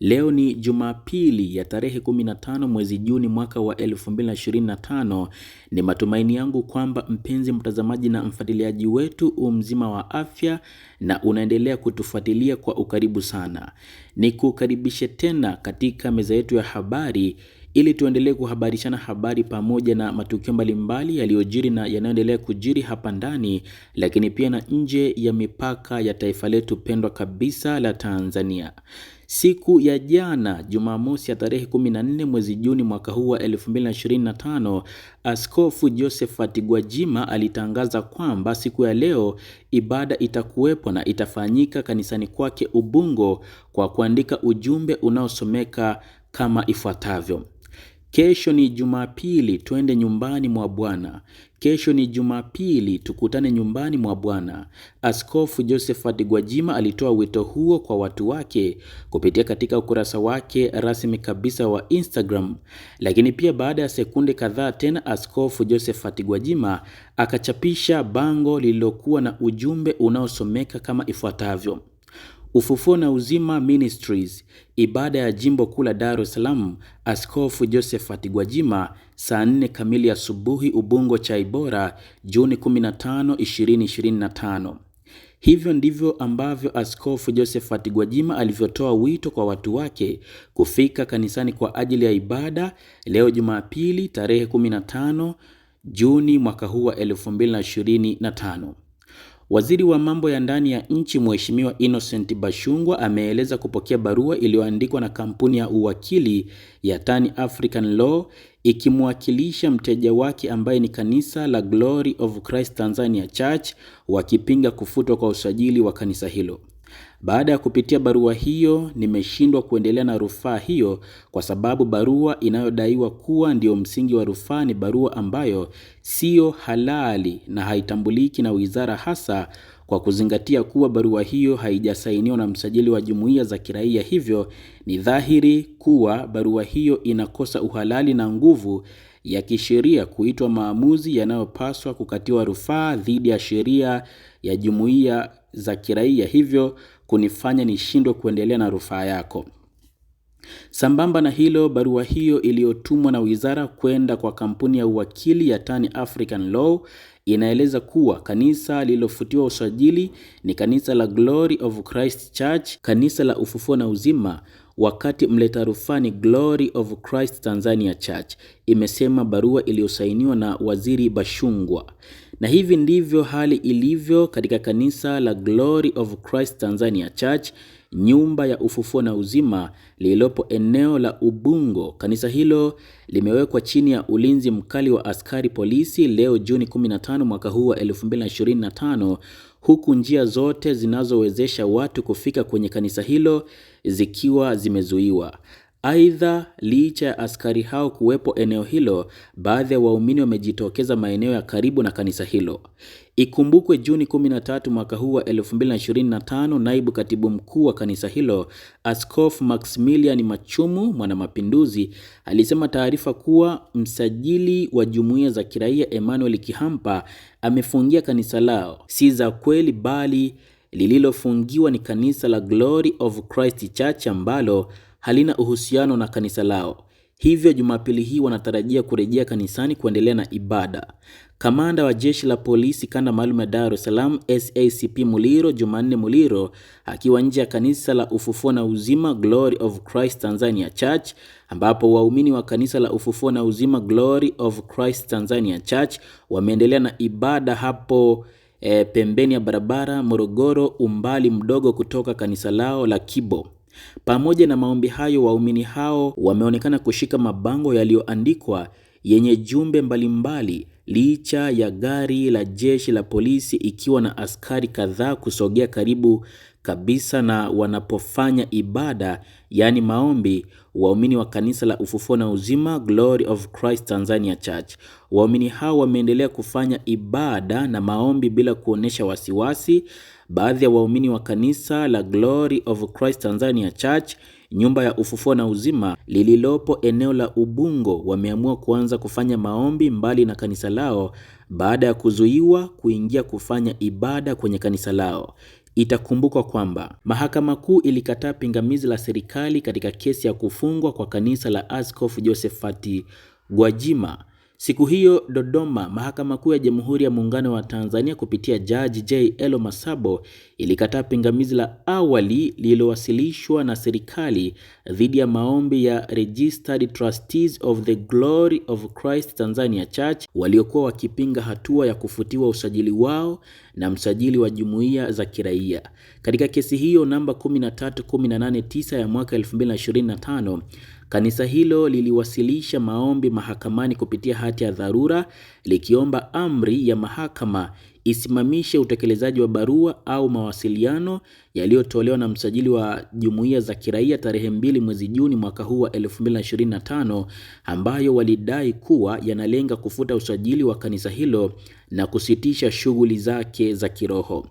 Leo ni Jumapili ya tarehe 15 mwezi Juni mwaka wa 2025. Ni matumaini yangu kwamba mpenzi mtazamaji na mfuatiliaji wetu umzima wa afya na unaendelea kutufuatilia kwa ukaribu sana. Nikukaribishe tena katika meza yetu ya habari ili tuendelee kuhabarishana habari pamoja na matukio mbalimbali yaliyojiri na yanayoendelea kujiri hapa ndani, lakini pia na nje ya mipaka ya taifa letu pendwa kabisa la Tanzania. Siku ya jana Jumamosi ya tarehe 14 mwezi Juni mwaka huu wa 2025, Askofu Josephat Gwajima alitangaza kwamba siku ya leo ibada itakuwepo kwako na itafanyika kanisani kwake Ubungo kwa kuandika ujumbe unaosomeka kama ifuatavyo: Kesho ni Jumapili, twende nyumbani mwa Bwana. Kesho ni Jumapili, tukutane nyumbani mwa Bwana. Askofu Josephat Gwajima alitoa wito huo kwa watu wake kupitia katika ukurasa wake rasmi kabisa wa Instagram, lakini pia baada ya sekunde kadhaa tena Askofu Josephat Gwajima akachapisha bango lililokuwa na ujumbe unaosomeka kama ifuatavyo: Ufufuo na Uzima Ministries, ibada ya jimbo kuu la Dar es Salaam, Askofu Josephat Gwajima, saa 4 kamili asubuhi, Ubungo chaibora Juni 15, 2025. Hivyo ndivyo ambavyo Askofu Josephat Gwajima alivyotoa wito kwa watu wake kufika kanisani kwa ajili ya ibada leo Jumapili tarehe 15 Juni mwaka huu wa 2025. Waziri wa mambo ya ndani ya nchi Mheshimiwa Innocent Bashungwa ameeleza kupokea barua iliyoandikwa na kampuni ya uwakili ya Tani African Law ikimwakilisha mteja wake ambaye ni kanisa la Glory of Christ Tanzania Church wakipinga kufutwa kwa usajili wa kanisa hilo. Baada ya kupitia barua hiyo, nimeshindwa kuendelea na rufaa hiyo kwa sababu barua inayodaiwa kuwa ndio msingi wa rufaa ni barua ambayo siyo halali na haitambuliki na wizara hasa kwa kuzingatia kuwa barua hiyo haijasainiwa na msajili wa jumuiya za kiraia. Hivyo ni dhahiri kuwa barua hiyo inakosa uhalali na nguvu ya kisheria kuitwa maamuzi yanayopaswa kukatiwa rufaa dhidi ya sheria ya jumuiya za kiraia, hivyo kunifanya nishindwe kuendelea na rufaa yako. Sambamba na hilo, barua hiyo iliyotumwa na wizara kwenda kwa kampuni ya uwakili ya Tani African Law inaeleza kuwa kanisa lililofutiwa usajili ni kanisa la Glory of Christ Church, kanisa la ufufuo na uzima, wakati mleta rufaa ni Glory of Christ Tanzania Church, imesema barua iliyosainiwa na Waziri Bashungwa. Na hivi ndivyo hali ilivyo katika kanisa la Glory of Christ Tanzania Church, nyumba ya ufufuo na uzima lililopo eneo la Ubungo. Kanisa hilo limewekwa chini ya ulinzi mkali wa askari polisi leo Juni 15 mwaka huu wa 2025 huku njia zote zinazowezesha watu kufika kwenye kanisa hilo zikiwa zimezuiwa. Aidha, licha ya askari hao kuwepo eneo hilo, baadhi ya waumini wamejitokeza maeneo ya karibu na kanisa hilo. Ikumbukwe Juni 13 mwaka huu wa 2025, naibu katibu mkuu wa kanisa hilo Askofu Maximilian Machumu mwanamapinduzi alisema taarifa kuwa msajili wa jumuiya za kiraia Emmanuel Kihampa amefungia kanisa lao si za kweli, bali lililofungiwa ni kanisa la Glory of Christ Church ambalo halina uhusiano na kanisa lao. Hivyo Jumapili hii wanatarajia kurejea kanisani kuendelea na ibada. Kamanda wa jeshi la polisi kanda maalum ya Dar es Salaam SACP Muliro Jumanne Muliro akiwa nje ya kanisa la Ufufuo na Uzima Glory of Christ Tanzania Church ambapo waumini wa kanisa la Ufufuo na Uzima Glory of Christ Tanzania Church wameendelea na ibada hapo e, pembeni ya barabara Morogoro umbali mdogo kutoka kanisa lao la Kibo. Pamoja na maombi hayo, waumini hao wameonekana kushika mabango yaliyoandikwa yenye jumbe mbalimbali licha ya gari la jeshi la polisi ikiwa na askari kadhaa kusogea karibu kabisa na wanapofanya ibada yaani maombi waumini wa kanisa la ufufuo na uzima Glory of Christ Tanzania Church. Waumini hao wameendelea kufanya ibada na maombi bila kuonesha wasiwasi. Baadhi ya waumini wa kanisa la Glory of Christ Tanzania Church nyumba ya ufufuo na uzima lililopo eneo la Ubungo wameamua kuanza kufanya maombi mbali na kanisa lao baada ya kuzuiwa kuingia kufanya ibada kwenye kanisa lao. Itakumbukwa kwamba mahakama kuu ilikataa pingamizi la serikali katika kesi ya kufungwa kwa kanisa la Askofu Josephat Gwajima Siku hiyo Dodoma, Mahakama Kuu ya Jamhuri ya Muungano wa Tanzania kupitia Jaji J. Elo Masabo ilikataa pingamizi la awali lililowasilishwa na serikali dhidi ya maombi ya Registered Trustees of the Glory of Christ Tanzania Church waliokuwa wakipinga hatua ya kufutiwa usajili wao na msajili wa jumuiya za kiraia. Katika kesi hiyo namba 13189 ya mwaka 2025 Kanisa hilo liliwasilisha maombi mahakamani kupitia hati ya dharura likiomba amri ya mahakama isimamishe utekelezaji wa barua au mawasiliano yaliyotolewa na msajili wa jumuiya za kiraia tarehe mbili mwezi Juni mwaka huu wa 2025 ambayo walidai kuwa yanalenga kufuta usajili wa kanisa hilo na kusitisha shughuli zake za kiroho.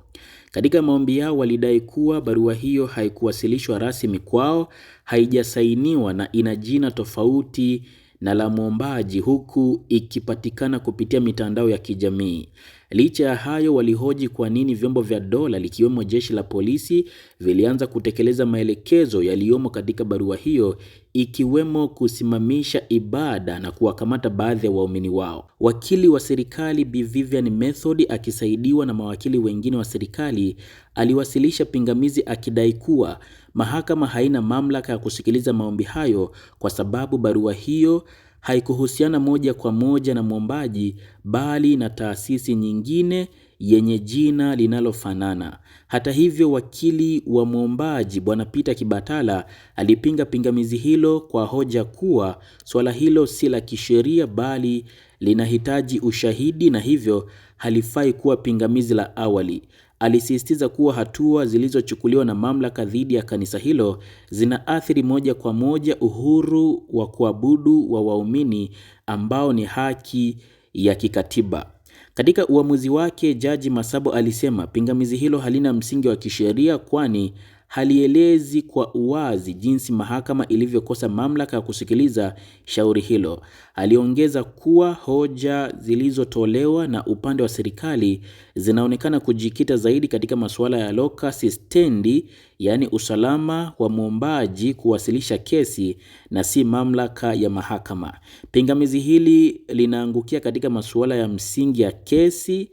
Katika maombi yao walidai kuwa barua hiyo haikuwasilishwa rasmi kwao, haijasainiwa na ina jina tofauti na la mwombaji huku ikipatikana kupitia mitandao ya kijamii. Licha ya hayo, walihoji kwa nini vyombo vya dola likiwemo jeshi la polisi vilianza kutekeleza maelekezo yaliyomo katika barua hiyo ikiwemo kusimamisha ibada na kuwakamata baadhi ya waumini wao. Wakili wa serikali Bi Vivian Method akisaidiwa na mawakili wengine wa serikali aliwasilisha pingamizi akidai kuwa mahakama haina mamlaka ya kusikiliza maombi hayo kwa sababu barua hiyo haikuhusiana moja kwa moja na mwombaji bali na taasisi nyingine yenye jina linalofanana. Hata hivyo, wakili wa mwombaji Bwana Peter Kibatala alipinga pingamizi hilo kwa hoja kuwa suala hilo si la kisheria bali linahitaji ushahidi na hivyo halifai kuwa pingamizi la awali alisisitiza kuwa hatua zilizochukuliwa na mamlaka dhidi ya kanisa hilo zinaathiri moja kwa moja uhuru wa kuabudu wa waumini ambao ni haki ya kikatiba. Katika uamuzi wake, Jaji Masabo alisema pingamizi hilo halina msingi wa kisheria kwani halielezi kwa uwazi jinsi mahakama ilivyokosa mamlaka ya kusikiliza shauri hilo. Aliongeza kuwa hoja zilizotolewa na upande wa serikali zinaonekana kujikita zaidi katika masuala ya locus standi, yaani usalama wa mwombaji kuwasilisha kesi na si mamlaka ya mahakama. Pingamizi hili linaangukia katika masuala ya msingi ya kesi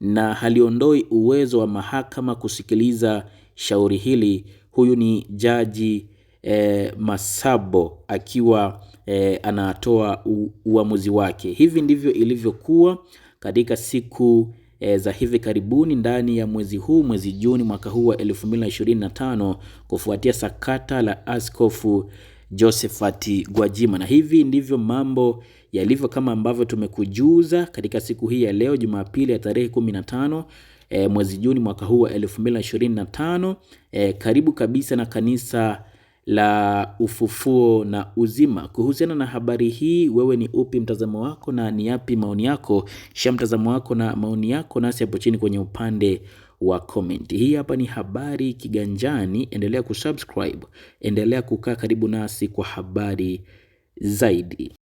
na haliondoi uwezo wa mahakama kusikiliza shauri hili. Huyu ni Jaji e, Masabo akiwa e, anatoa uamuzi wake. Hivi ndivyo ilivyokuwa katika siku e, za hivi karibuni ndani ya mwezi huu, mwezi Juni mwaka huu wa 2025 kufuatia sakata la Askofu Josephat Gwajima. Na hivi ndivyo mambo yalivyo kama ambavyo tumekujuza katika siku hii ya leo Jumapili ya tarehe 15 e, mwezi Juni mwaka huu wa 2025 e, eh, karibu kabisa na kanisa la Ufufuo na Uzima. Kuhusiana na habari hii, wewe ni upi mtazamo wako na ni yapi maoni yako? Shia mtazamo wako na maoni yako nasi hapo chini kwenye upande wa comment. Hii hapa ni habari Kiganjani, endelea kusubscribe, endelea kukaa karibu nasi kwa habari zaidi.